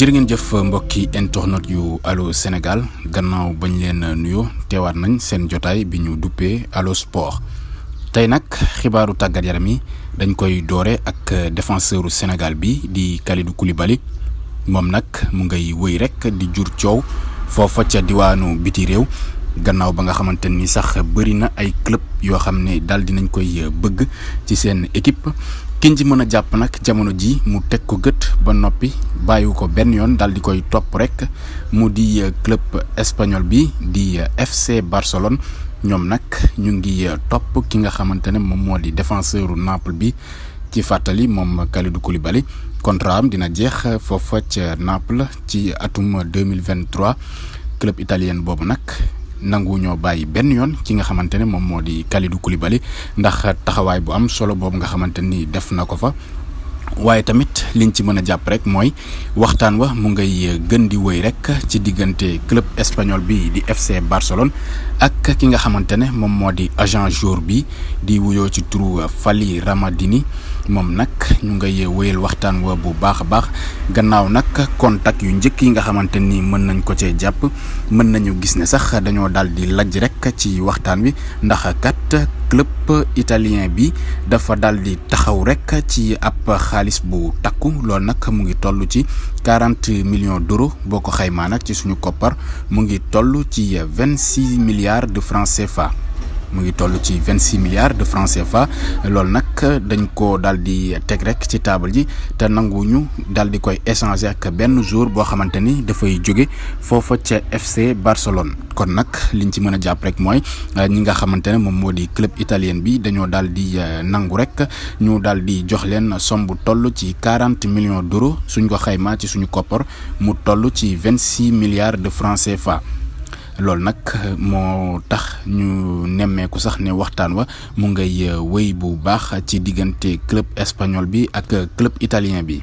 jërë ngeen jëf mbokki internet yu aloo Sénégal gannaaw bañ leen nuyoo teewaat nañ seen jotaay bi ñu duppee Allô Sport tey nag xibaaru tàggat yaram yi dañ koy doore ak défenseuru Sénégal bi di Kalidou Koulibaly moom nag mu ngay wëy rek di jur coow foofa ca diwaanu biti réew gannaaw ba nga xamante ni sax bëri na ay club yoo xam ne daal nañ koy bëgg ci seen équipe kiñ ci mën a jàpp nag jamono ji mu teg ko gët ba noppi bàyyiwu ko benn yoon daal di koy topp rek mu di euh, club espagnol bi di euh, FC Barcelone ñoom nag ñu ngi euh, topp ki nga xamante ne moom moo di défenseuru naple bi ci fàttali moom Kalidou Koulibaly contrat am dina jeex foofa ca Naples ci atum 2023 club italien boobu nag nangu ñoo bàyyi benn yoon ki nga xamante ne moom moo di Kalidou Koulibaly ndax taxawaay bu am solo boobu nga xamante ni def na ko fa waaye tamit li liñ ci mën a jàpp rek mooy waxtaan wa mu ngay gën di wëy rek ci diggante club espagnol bi di FC Barcelone ak ki nga xamante ne moom moo di agent jour bi di wuyoo ci turu Fali Ramadini moom nag ñu ngay wëyal waxtaan wa bu baax a baax gannaaw nag contact yu njëkk yi nga xamante ni mën nañ ko cee jàpp mën nañu gis ne sax dañoo daal di lajj rek ci waxtaan wi ndax kat club italien bi dafa daal di taxaw rek ci ab xaalis bu takk yokku loolu nag mu ngi toll ci quarante millions d'euros boo ko xaymaa nag ci suñu koppar mu ngi toll ci vingt six milliards de francs fa mu ngi toll ci vingt six milliards de français fa loolu nag. nag dañ ko daal di teg rek ci table ji te nanguwuñu daal di koy échanger ak benn jour boo xamante ni dafay jóge foofa ca FC Barcelone kon nag liñ ci mën a jàpp rek mooy euh, ñi nga xamante ne moom moo di club italien bi dañoo daal di euh, nangu rek ñu daal di jox leen somb toll ci quarante millions d'euros suñ ko xaymaa ci suñu koppar mu toll ci vingt six milliards de francais CFA loolu nag moo tax ñu. nemmeeku sax ne waxtaan wa mu ngay euh, wéy bu baax ci diggante club espagnol bi ak euh, club italien bi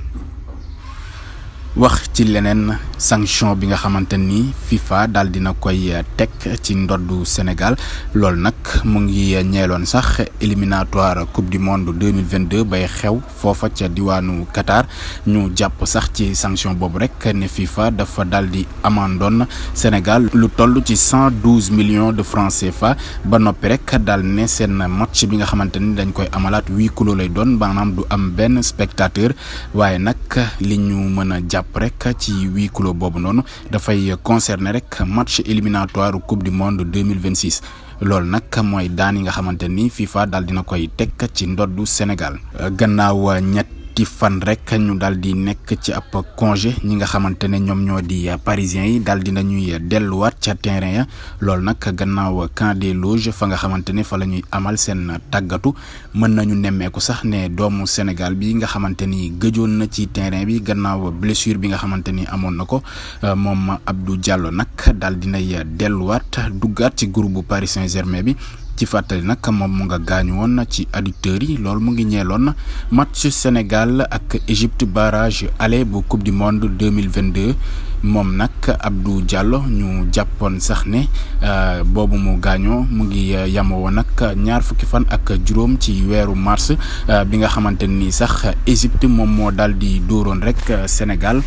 wax ci leneen sanction bi nga xamante ni FIFA daal dina koy eh, teg ci ndoddu Sénégal loolu nag mu ngi ñeeloon sax éliminatoire coupe du monde deux mille vingt deux bay xew foofa ca diwaanu Qatar ñu jàpp sax ci sanction boobu rek ne FIFA dafa dal di amandoon Sénégal lu toll ci cent douze millions de francs fa ba noppi rek daal ne seen match bi nga xamante ni dañ koy amalaat huis clos lay doon maanaam du am benn spectateur waaye nag li ñu mën a jàpp. jàpp rek ci huis clos boobu noonu dafay concerner rek match éliminatoire coupe du monde deux mille vingt six loolu nag mooy daan yi nga xamante ni FIFA daal dina koy teg ci ndoddu Sénégal gannaaw ñett. ñetti fan rek ñu daal di nekk ci ab congé ñi nga xamante ne ñoom ñoo di parisiens yi daal di nañuy delluwaat ca terrain ya loolu nag gannaaw camp des loges fa nga xamante ne fa la ñuy amal seen tàggatu mën nañu nemmeeku sax ne doomu Sénégal bi nga xamante ni gëjoon na ci terrain bi gannaaw blessure bi nga xamante ni amoon na ko euh, moom Abdou Diallo nag daal di nay delluwaat duggaat ci groupe Paris Saint-Germain bi. ci fàttali nag moom mu nga gaañu woon na ci adducteurs yi loolu mu ngi ñeeloon na mat match Sénégal ak Égypte barrage aller bu coupe du monde 2022 moom nag Abdou jàllo ñu jàppoon sax ne euh, boobu mu gaañoo mu ngi euh, yamoo nag ñaar fukki fan ak juróom ci weeru mars euh, bi nga xamante ni sax Égypte moom moo daal di dóoroon rek Sénégal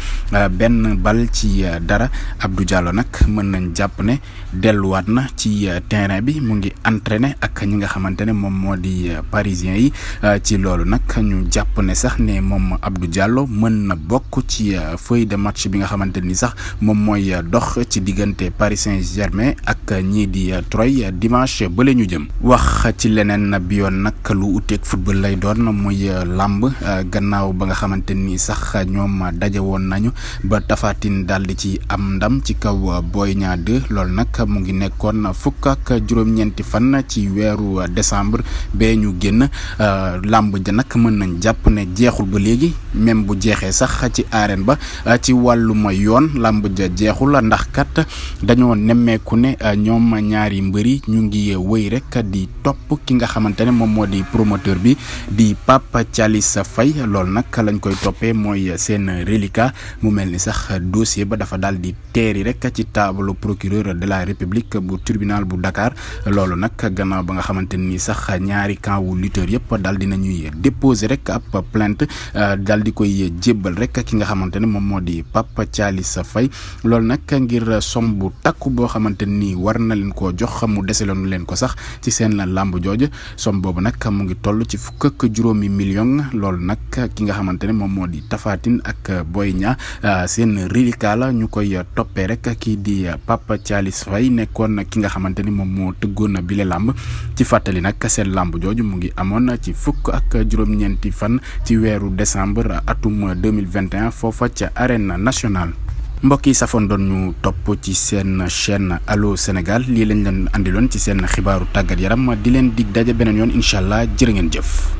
benn bal ci dara Abdou Diallo nag mën nañ jàpp ne delluwaat na ci terrain bi mu ngi entraîné ak ñi nga xamante ne moom moo di parisien yi ci loolu nag ñu jàpp ne sax ne moom Abdou Diallo mën na bokk ci feuille de match bi nga xamante ni sax moom mooy dox ci diggante Paris Saint-Germain ak ñii di Troyes dimanche ba ñu jëm wax ci leneen bi yoon nag lu uteeg football lay doon muy euh, làmb euh, gannaaw ba nga xamante ni sax ñoom daje woon nañu ba tafaatin daal di ci am ndam ci kaw Boy Niang 2 loolu nag mu ngi nekkoon fukk ak juróom-ñeenti fan ci weeru décembre bee ñu génn euh, làmb ja nag mën nañ jàpp ne jeexul ba léegi même bu jeexee sax ci arène ba ah, ci wàlluma yoon làmb ja jeexul ndax kat dañoo nemmeeku ne ah, ñooma ñaari mbëri ñu ngi wëy rek di topp ki nga xamante ne moom moo di promoteur bi di Pape Thialis Faye loolu nag lañ koy toppee mooy seen reliquat mu mel ni sax dossier ba dafa daal di teeri rek ci taabalu procureur de la république bu tribunal bu Dakar loolu nag gannaaw ba nga xamante ni sax ñaari camp wu lutteur yëpp daal dinañuy déposé rek ab plainte ah, daal di koy jébbal rek ki nga xamante ne moom moo di Papa Thialis Faye loolu nag ngir som bu boo xamante ni war na koo jox mu deseloon leen ko sax ci seen làmb jooju som boobu nag mu ngi toll ci fukk ak juróomi million loolu nag ki nga xamante ne moom moo di Tafatine ak Boy Niang euh, seen reliquat ñu koy toppee rek kii di Papa Thialis Faye nekkoon ki nga xamante ni moom moo tëggoon bile làmb ci fàttali nag seen làmb jooju mu ngi amoon ci fukk ak juróom-ñeenti fan ci weeru décembre décembre atum 2021 foofa ca arène nationale mbokk yi safoon ñu topp ci seen chaîne Allô Sénégal lii lañ leen andiloon ci seen xibaaru tàggat yaram di leen dig daje beneen yoon incha allah jër ngeen jëf